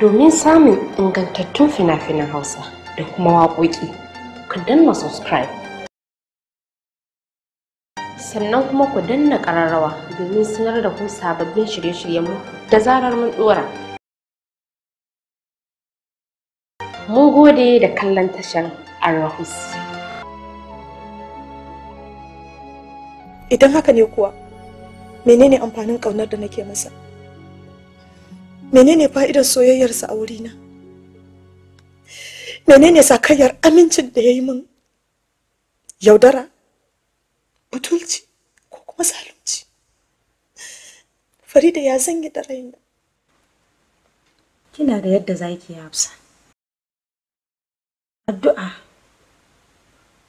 domin samun ingantattun fina-finan hausa da kuma waƙoƙi ku danna subscribe sannan kuma ku danna ƙararrawa domin sanar da ku sababbin shirye-shiryenmu da zarar mun ɗora mun gode da kallon tashar arahus idan haka ne kuwa menene amfanin ƙaunar da nake masa menene fa'idar soyayyarsa a wurina menene sakayyar amincin da ya yi min yaudara butulci ko kuma zalunci farida ya zanyi da raina kina da yadda zaki hafsa addu'a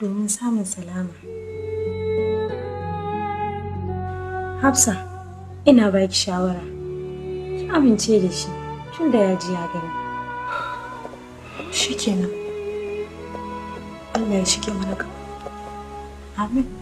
domin samun salama hafsa ina baki shawara amince da shi tun da ya ji ya gani. kenan. Allah ya shige mana gaba. Amin.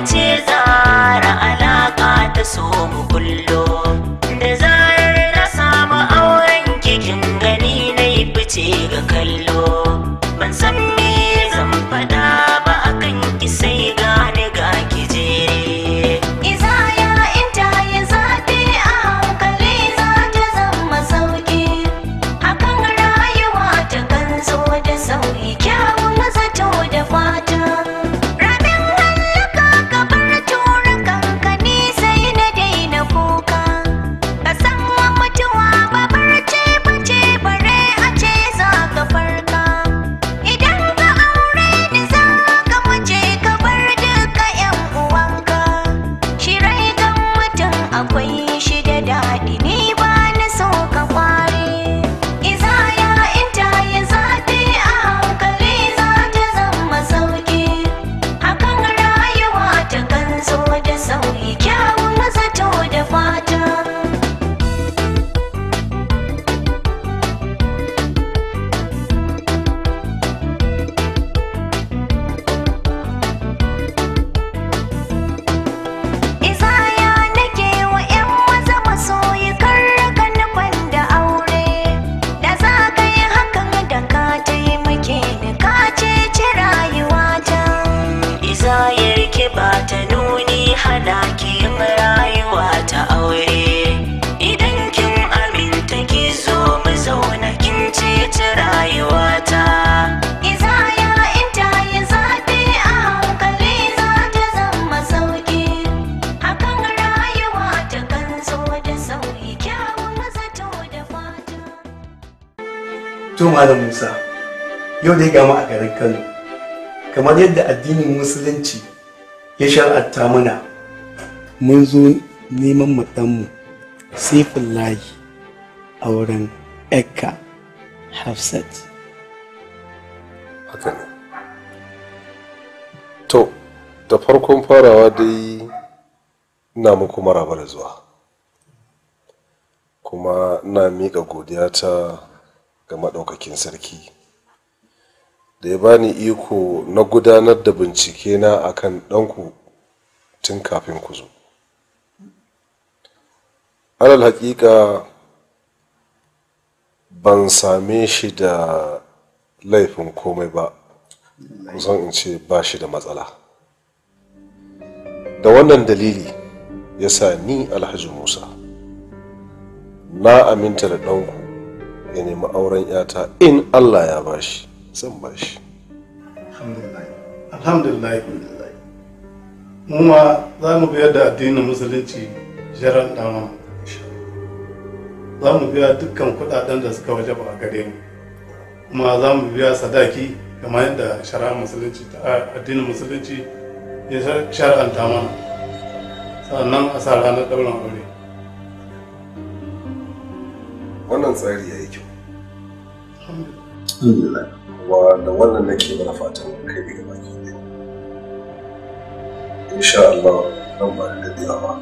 ce tsara alaƙa ta somo kano kamar yadda addinin musulunci ya shar'atta mana mun zo neman matanmu sifin layi a wurin ekka hafsat haka to da farkon farawa dai na muku maraba da zuwa kuma na miƙa godiya ta ga maɗaukakin sarki da ya bani iko na gudanar da bincike na akan ɗanku tun kafin ku zo alal haƙiƙa ban same shi da laifin komai ba kusan in ce ba shi da matsala da wannan dalili ya sa ni alhaji musa na aminta da ɗanku ya nemi auren 'yata in allah ya bashi zan ba shi alhamdulillah alhamdulillah mu ma za mu biya da addinin musulunci jiran ɗan za mu biya dukkan kuɗaɗen da suka waje ba a gare mu kuma za mu biya sadaki kamar yadda shari'a musulunci ta addinin musulunci ya shar'anta mana sannan a sa ranar ɗaurin aure wannan tsari ya yi kyau alhamdulillah kuma da wannan nake mana fatan kai ne gaba ki insha Allah nan ba da daɗewa ba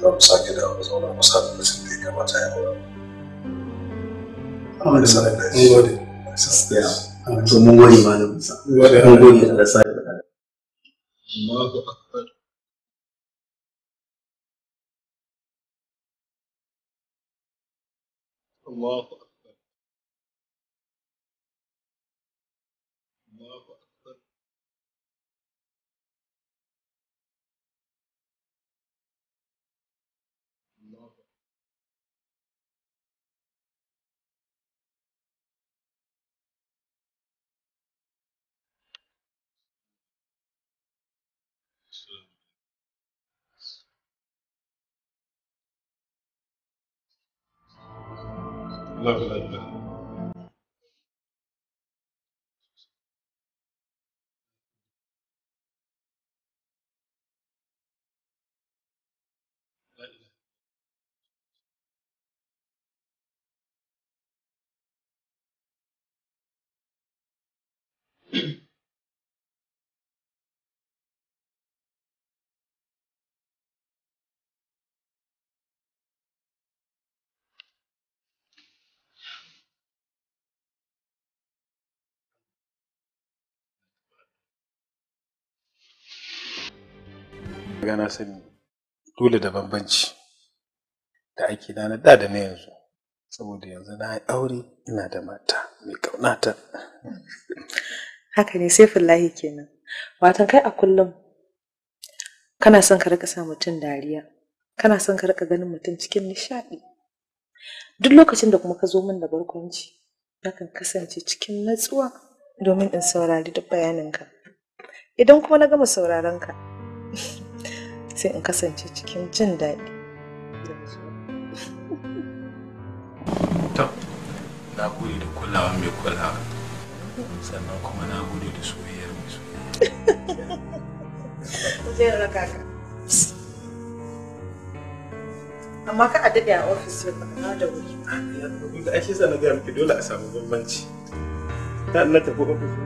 za mu sake da mu zauna mu sa lokacin da ya kamata ya aura. Allah ya sa da shi. Mun gode malam Musa. Mun gode Allah sa da Allahu akbar. Allahu Ga na sani dole da bambanci da ake na da da na yanzu. Saboda yanzu na yi aure ina da mata mai ƙaunata. Haka ne sai fillahi kenan. Watan kai a kullum kana son ka rika sa mutum dariya, kana son ka rika ganin mutum cikin nishaɗi. Duk lokacin da kuma ka zo min da barkwanci, nakan kasance cikin natsuwa domin in saurari duk bayaninka. Idan kuma na gama sauraron ka, sai in kasance cikin jin daɗi to na gode da kulawa mai kulawa sannan kuma na gode da soyayyar mai soyayya amma ka a a ofis yau na da wuri da ake sa na gaya miki dole a samu bambanci ta Allah ta ko ofis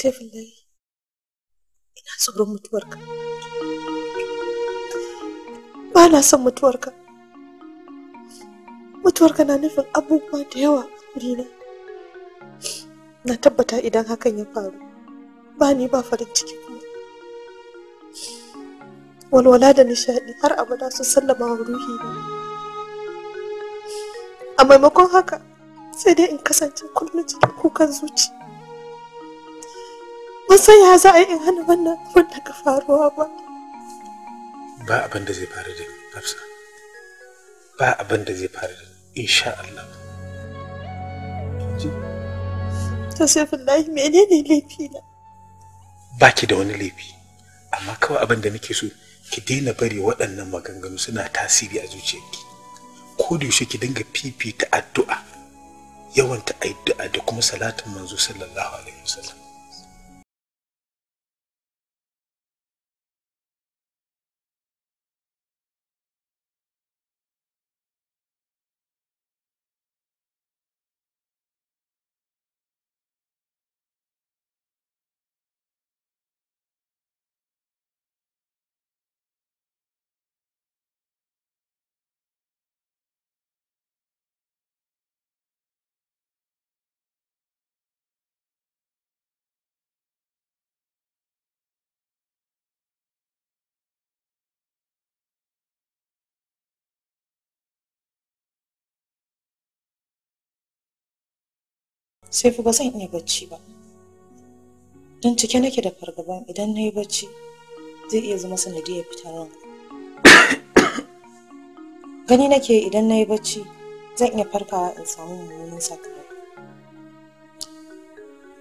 sai ina tsoron mutuwarka ba na son mutuwarka mutuwarka na nufin abubuwa da yawa a na tabbata idan hakan ya faru ba ni ba farin ciki walwala da nishadi har abada sun sallama wa ruhi na a maimakon haka sai dai in kasance kullum cikin kukan zuci ban ya za a yi in hana wannan abin da ka faruwa ba ba abin da zai faru da hafsa ba abin da zai faru da insha Allah to sai wallahi menene laifi na ba ki da wani laifi amma kawai abin da nake so ki daina bari waɗannan maganganu suna tasiri a zuciyarki ko da yaushe ki dinga fifita addu'a yawan ta addu'a da kuma salatin manzo sallallahu alaihi wasallam sai fa ba zan iya bacci ba don cike nake da fargaban idan na yi bacci zai iya zama sanadiyar fitarwa gani nake idan na yi bacci zan iya farkawa in samu mummunan sakamako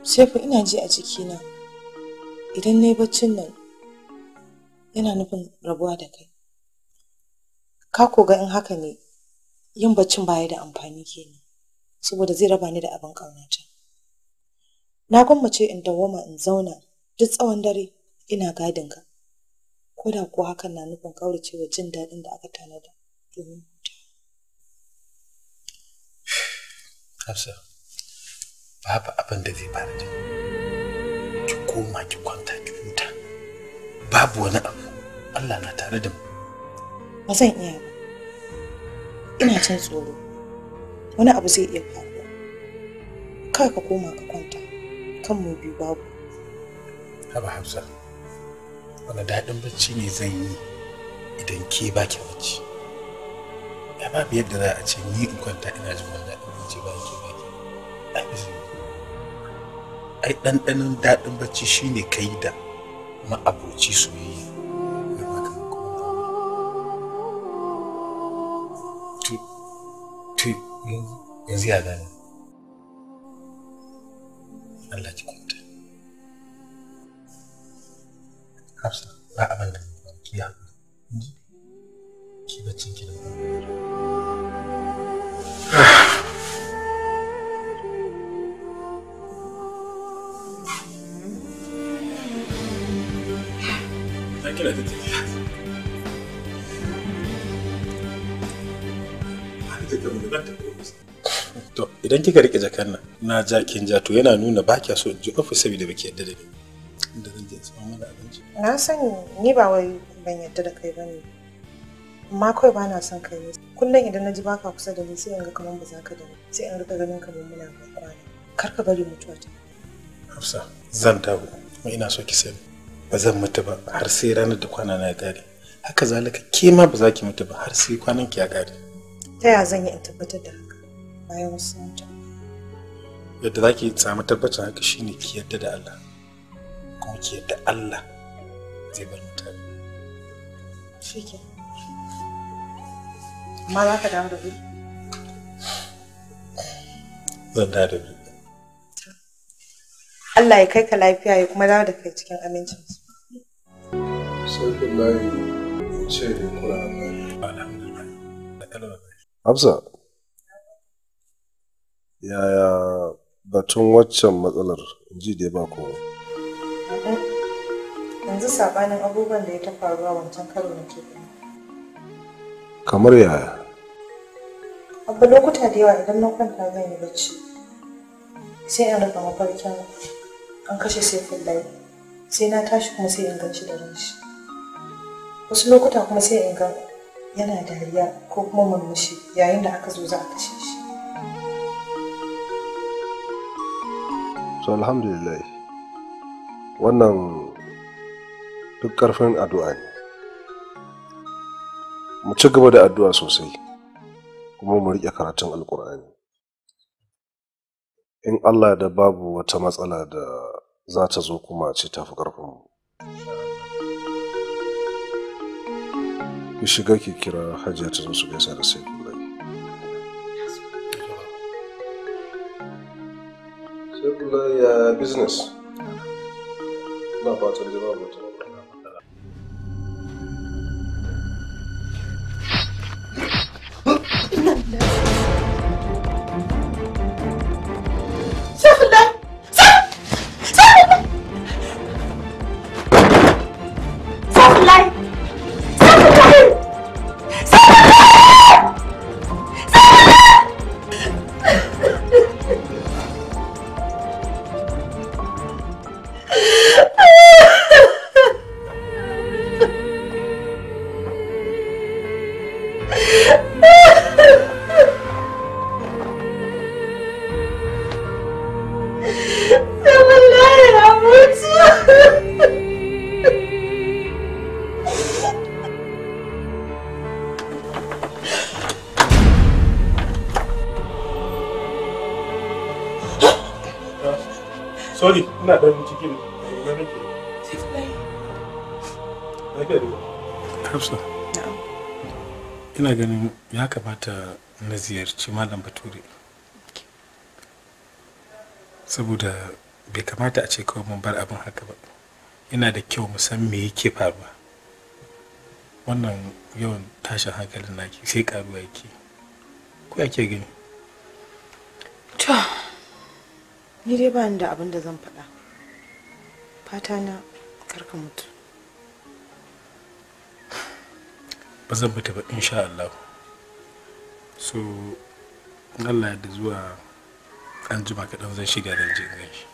sai fa ina ji a jikina idan na yi baccin nan yana nufin rabuwa da kai ka koga in haka ne yin baccin baya da amfani kenan saboda zai raba ni da abin ƙaunata. Na gwammace in dawoma in zauna duk tsawon dare ina gadin ka. Ko da kuwa hakan na nufin wa jin daɗin da aka tanada domin hutu. Hafsa, babu abin da zai fara da ki koma ki kwanta ki huta. Babu wani abu Allah na tare da mu. Ba zan iya ba. Ina cin tsoro. wani abu zai iya faruwa kawai ka koma ka kwanta kan mu biyu babu haba hafsa wani daɗin bacci ne zan yi idan ke ba ki bacci ya ba babu yadda za a ce ni in kwanta ina jin wani daɗin bacci ba ke ba ke ai ɗanɗanon daɗin bacci shine kai da ma'aboci soyayya yanzu ya gane Allah ki kwanta Hafsa idan kika rike jakar nan na ja kin ja to yana nuna ba kya so in je ofis saboda baki yadda da ni da zan je samu mana abinci na san ni ba wai ban yadda da kai bane amma kawai ba na son kai ne kullum idan na ji baka kusa da ni sai in ga kamar ba za ka da ni sai in rika ganin kamar muna ba kwana kar ka bari mutuwa ta Hafsa zan dawo kuma ina so ki sani ba zan mutu ba har sai ranar da kwana na ya kare haka zalika ke ma ba za ki mutu ba har sai kwanan ki ya kare ta ya zan yi in tabbatar da haka bayan wasu wata. Yadda za ki samu tabbacin haka shine ki yadda da Allah, kuma ki yadda Allah zai bar mutane. Shi ke. Amma za ka dawo da wuri? Zan dawo da wuri. Allah ya kai ka lafiya ya kuma dawo da kai cikin amincin. su Sai kullahi ce da kura Allah. Alhamdulillah. Hafsa, Yaya batun waccan matsalar ji dai ba kowa. Yanzu saɓanin abubuwan da ya ta a wancan karo na ke Kamar yaya? Abu lokuta da yawa idan na kwanta zan yi bacci. Sai an rufe mafarkin an kashe sai fulai Sai na tashi kuma sai in da ranshi. Wasu lokuta kuma sai in ga yana dariya ko kuma murmushi yayin da aka zo za a kashe shi. so alhamdulillah wannan duk ƙarfin addu'a ne mu ci gaba da addu'a sosai kuma mu riƙe karatun alkur'ani in allah da babu wata matsala da za ta zo kuma ce tafi ƙarfinmu ki shiga ki kira hajiya ta zo su gaisa da sai Uh, business. Na fatan jama'a mutum. ina dan cikin na nake ina ganin ya kamata na ziyarci malam bature saboda bai kamata a ce kawai mun bar abin haka ba yana da kyau mu san me yake faruwa wannan yawan tashin hankalin naki sai karuwa yake ko yake gani to ni dai ba da abin da zan faɗa fata na karka mutu ba zan mutu ba insha Allah so Allah da zuwa an jima kaɗan zan shiga da jin gan shi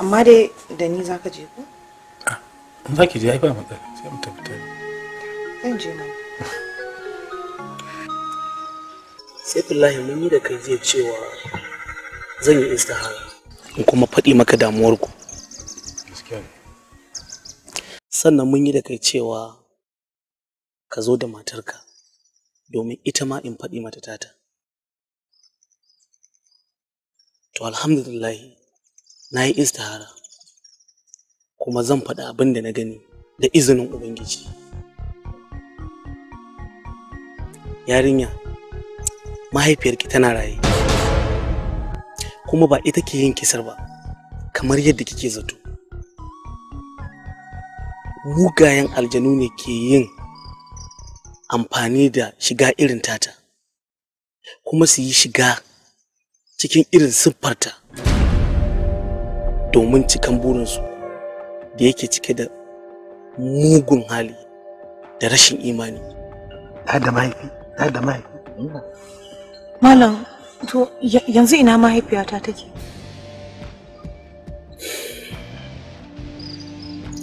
amma dai da ni zaka je ko in za ki je ai ba matsala sai mu tafi tare zan je nan sai billahi mun yi da kai zai cewa zan yi istihara in kuma faɗi maka damuwar ku sannan mun yi da kai cewa ka zo da matarka domin ita ma in faɗi mata tata to alhamdulillahi na yi istihara kuma zan faɗi abin da na gani da izinin ubangiji yarinya mahaifiyarki tana raye kuma ba ita ke yin kisar ba kamar yadda kike zato mugayen aljanu ne ke yin amfani da shiga irin tata kuma su yi shiga cikin irin siffarta domin cikan burinsu da yake cike da mugun hali da rashin imani da mahaifi da mahaifi malam to yanzu ina mahaifiyata take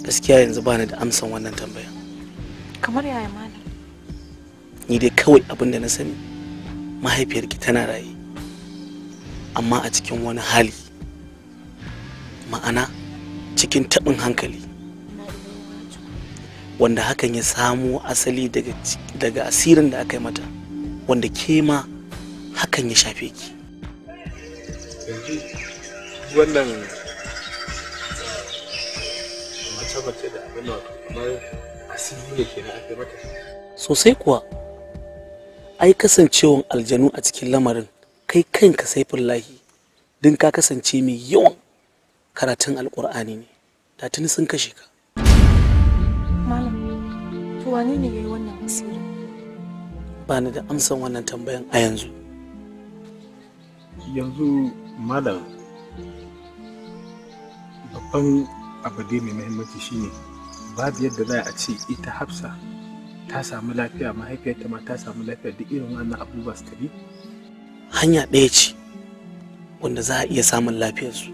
gaskiya yanzu bani da amsan wannan tambaya kamar yaya mana ni dai kawai abin da na sani mahaifiyarki tana raye amma a cikin wani hali ma'ana cikin taɓin hankali wanda hakan ya samo asali daga, daga asirin da aka yi mata wanda ke ma hakan ya shafe ki wannan bace da abin kamar asiri aka mata sosai kuwa ai kasancewan aljanu a cikin lamarin kai kanka sai lahi din ka kasance mai yawan karatun alkur'ani ne da tuni sun kashe ka malam to wane ne yayi wannan asiri ba ni da amsan wannan tambayan a yanzu yanzu malam babban abu dai mai muhimmanci shine babu yadda za a ce ita hafsa ta samu lafiya mahaifiyarta ma ta samu lafiya duk irin wannan abubuwa su tafi hanya ɗaya ce wanda za a iya samun lafiyarsu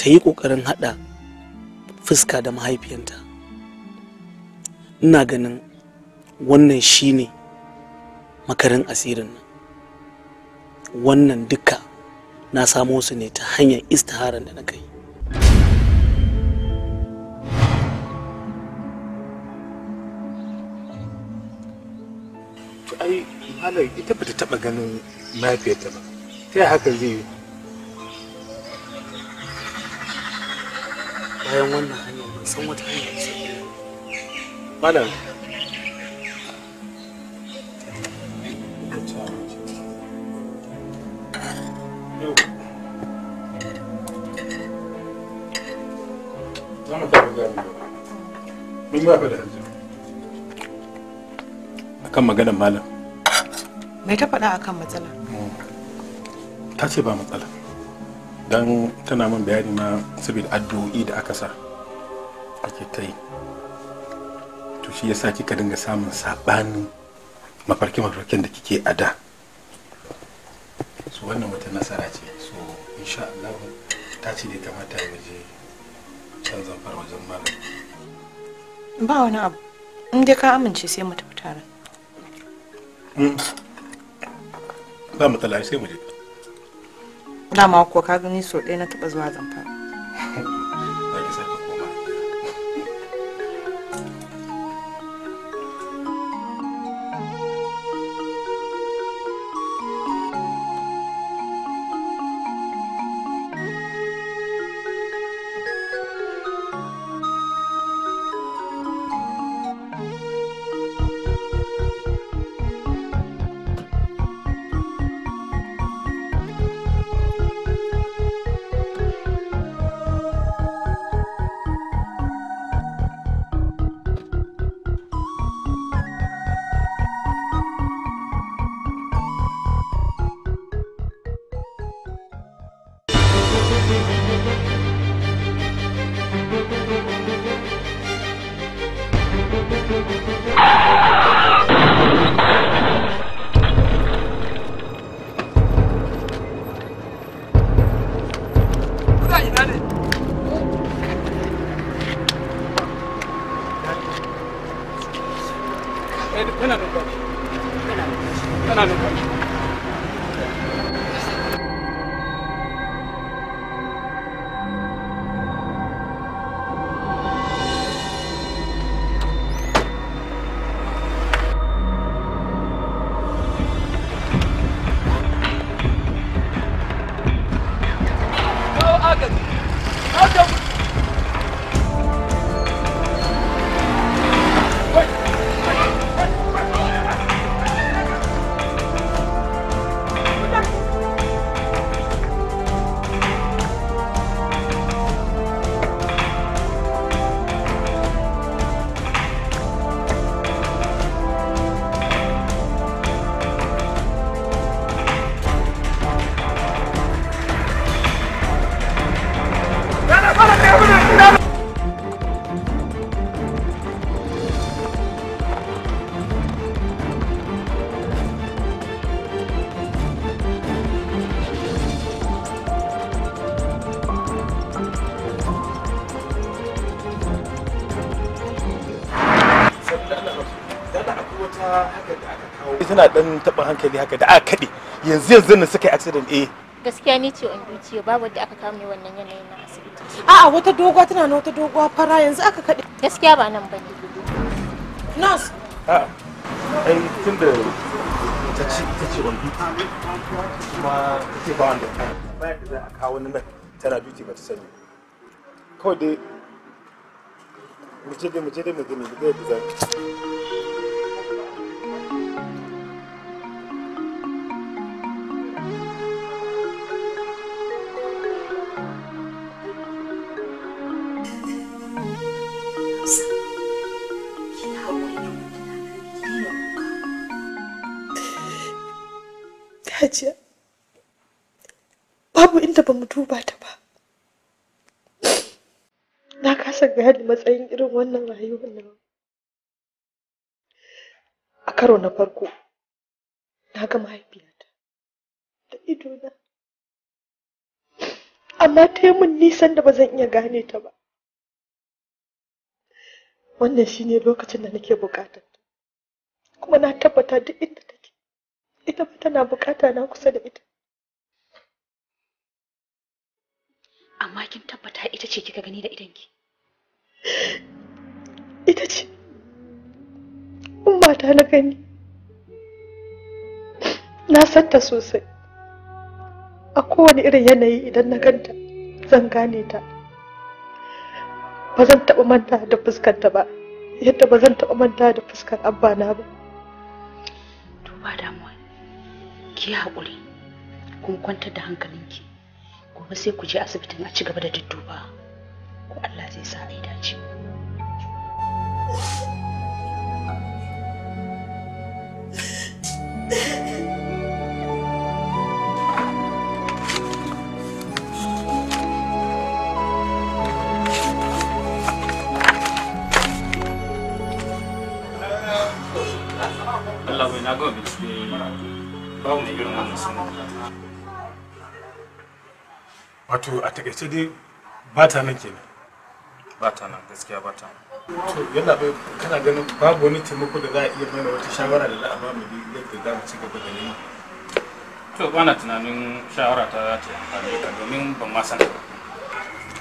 ta yi ƙoƙarin haɗa fuska da mahaifiyanta ina ganin wannan shine makarin asirin nan wannan duka na samo su ne ta hanyar istiharar da na kai malam ita bata taba ganin mahaifiyarta ba ta haka zai yi bayan wannan hanyar ban san wata hanyar da malam Akan maganar malam. mai ta faɗa akan ta ce ba matsala don tana min bayani ma saboda addu'o'i da aka sa ake ta yi to shi yasa kika dinga samun saɓanin mafarki mafarkin da kike a da su wannan wata nasara ce so insha Allah ta ce da kamata ya waje can zamfar wajen malam ba wani abu in dai ka amince sai mu tafi tare mm. ba matsala sai mu je dama ko ka gani so ɗaya na taɓa zuwa zamfara tana dan taba hankali haka da aka kaɗe yanzu yanzu na suka yi accident eh gaskiya ni ce in duty babu wanda aka kame wannan yanayin na asibiti a'a wata doguwa tana na wata doguwa fara yanzu aka kaɗe gaskiya ba nan bane nurse a'a ai tunda ta ce ta ce on kuma ta ba wanda ba ta za a kawo wani nan tana duty ba ta sani kawai dai mu je dai mu ce dai mu gani mu ga yadda za mu babu inda ba mu duba ta ba na kasa gane matsayin irin wannan rayuwar nan a karo na farko na ga mahaifiyata da idona amma ta yi mun nisan da ba zan iya gane ta ba wannan shine lokacin da nake bukata kuma na tabbata duk inda take ita ba tana bukata na kusa da ita amma kin tabbata ita ce kika gani da idanki ita ce ummata na gani na santa sosai a kowane irin yanayi idan na ganta zan gane ta ba zan taɓa manta da fuskanta ba yadda ba zan taɓa manta da fuskar abbana ba to ba damuwa ki haƙuri kun kwantar da hankalinki gobe sai ku je asibitin a ci gaba da dudduba ko Allah zai sa ai dace Allah bai na gobe babu mai irin wannan sunan wato a takaice dai ba ta nan kenan ba ta nan gaskiya ba ta to yalla bai kana ganin babu wani taimako da za a iya mana wata shawara da za a ba mu yadda za mu ci gaba da nema to ba na tunanin shawara ta za ta amfani ka domin ban ma san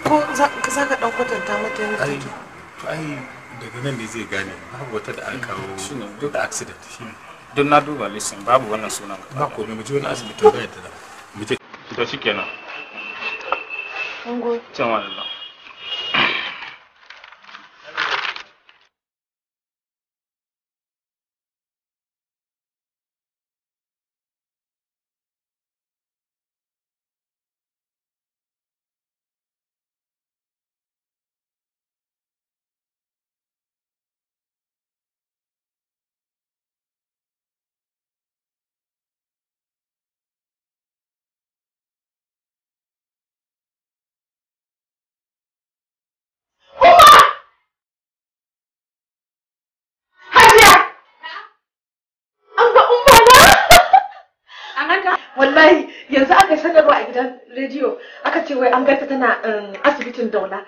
ko za ka dauko tanta mata yanzu to ai daga nan ne zai gane babu wata da an kawo shine duk da accident shine don na duba lissin babu wannan sunan ba ko mu je wani asibiti ba yadda da mu je to shikenan 讲话领导。an wallahi yanzu aka sanarwa a gidan rediyo aka ce wai an ganta tana um, asibitin daula.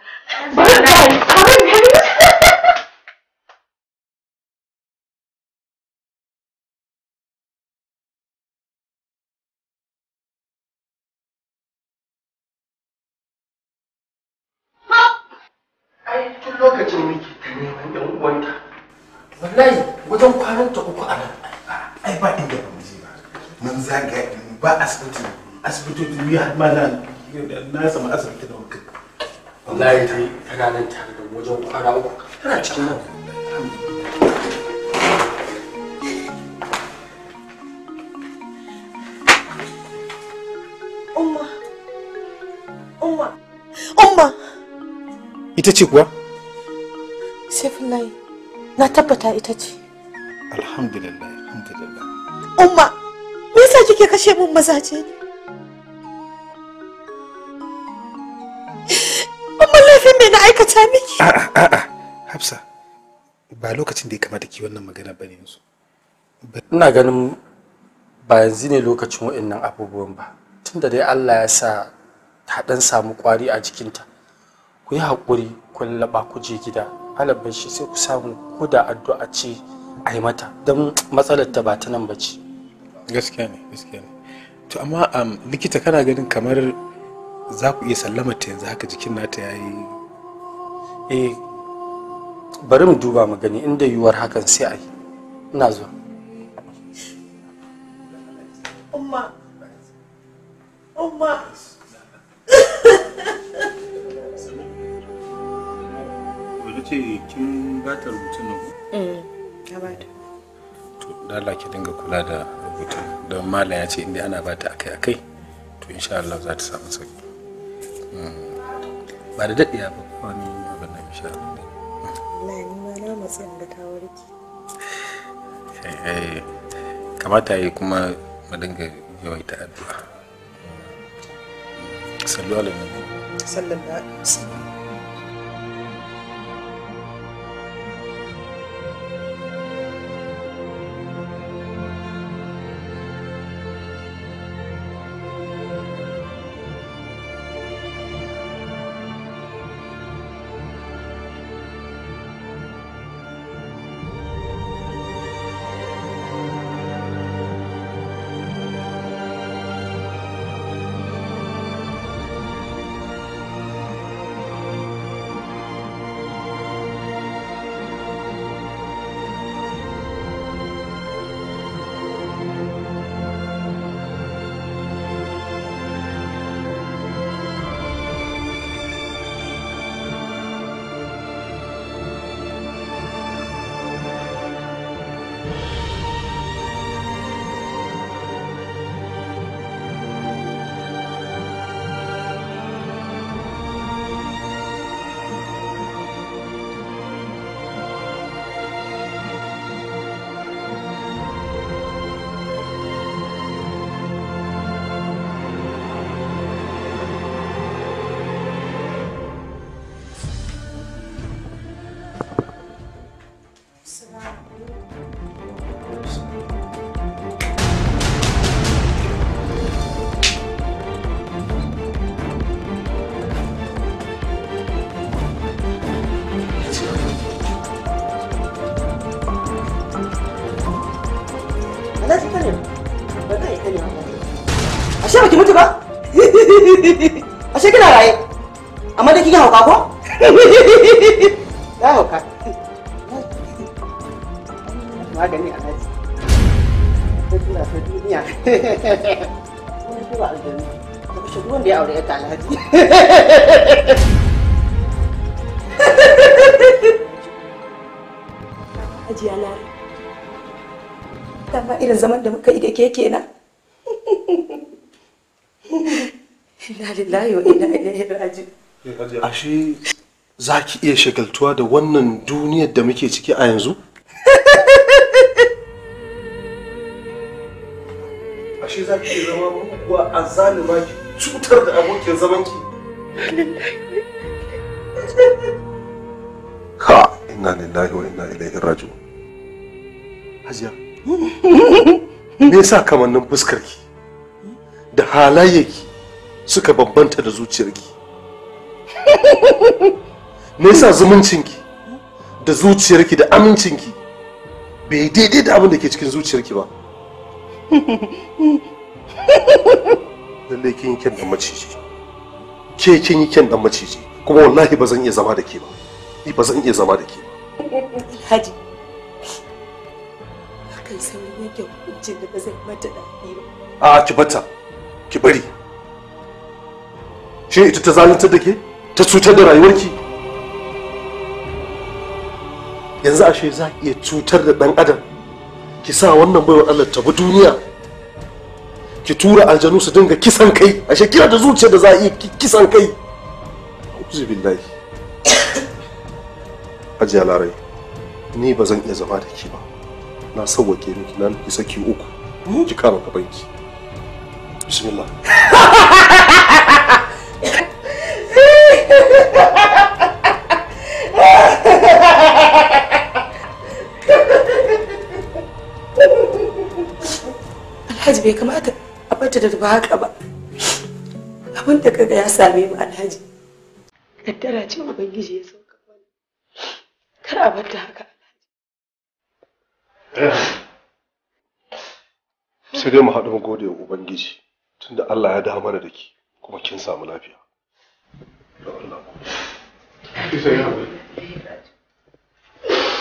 asibiti ma na na samu asibiti da wanka wallahi ta tana nan tare da wajen kwana uku tana cikin nan Umma, Umma, Umma! Ita ce kuwa? na tabbata ita ce. Alhamdulillah, alhamdulillah. Umma! kike kashe min mazaje ne amma laifin me na aikata miki a'a a'a hafsa ba lokacin da ya kamata ki wannan magana bane yanzu ina ganin ba yanzu ne lokacin waɗannan abubuwan ba tunda dai Allah ya sa ta dan samu kwari a jikinta ku yi haƙuri ku laba ku je gida halabban shi sai ku samu ko da addu'a ce a yi mata don matsalar ta ba ta nan ba ce gaskiya ne gaskiya ne to amma um, likita kana ganin kamar za ku iya sallama ta yanzu haka jikin nata ya yi eh bari mu duba mu gani inda yiwuwar hakan sai a yi ina zuwa umma umma kin ba ta rubutun nan ya eh, ba ta. To, dala ki dinga kula da mutum don malam ya ce inda ana bata akai akai to insha Allah za ta samu sauki hmm. ba da daɗiya ba wani abin da insha Allah wallahi ni ma na matsayin da ta warke eh, eh, kamata yi kuma mu dinga yawaita addu'a hmm. sallu alaihi wasallam sallallahu alaihi wasallam ke kenan Ina lillahi wa ina ilaihi raji'un. Ashe za ki iya shagaltuwa da wannan duniyar da muke ciki a yanzu? Ashe za ki iya zama kuwa a zalima ki cutar da abokin zamanki? Ka ina lillahi wa ina ilaihi raji'un. Hajiya. me yasa kamannin fuskarki da halayyaki suka bambanta da zuciyarki me yasa zumuncinki da zuciyarki da amincinki bai daidai da abin da ke cikin zuciyarki ba lallai kin yi kyan dan maciji ke kin yi kyan dan maciji kuma wallahi ba zan iya zama da ke ba ni ba zan iya zama da ke ba haji yi hukuncin da ba zai mata daɗi ba. A ki bata, ki bari. Shin ita ta zalunta da ke? Ta cutar da rayuwarki? Yanzu ashe za ki iya cutar da ɗan adam. Ki sa wannan baiwa Allah ta bi duniya. Ki tura aljanu su dinga kisan kai. Ashe kira da zuciyar da za a iya kisan kai. billahi. Ajiya larai. Ni ba zan iya zama da ki ba. na sauwake miki na miki saki uku hmm? ki kama banki bismillah Alhaji bai kamata a bata da ba haka ba. Abin da kaga ya same mu Alhaji. Kaddara ce Ubangiji ya sauka mana. Kar a bata haka. sai dai mu haɗu mu gode wa ubangiji tunda Allah ya dama mana da ki kuma kin samu lafiya da Allah ku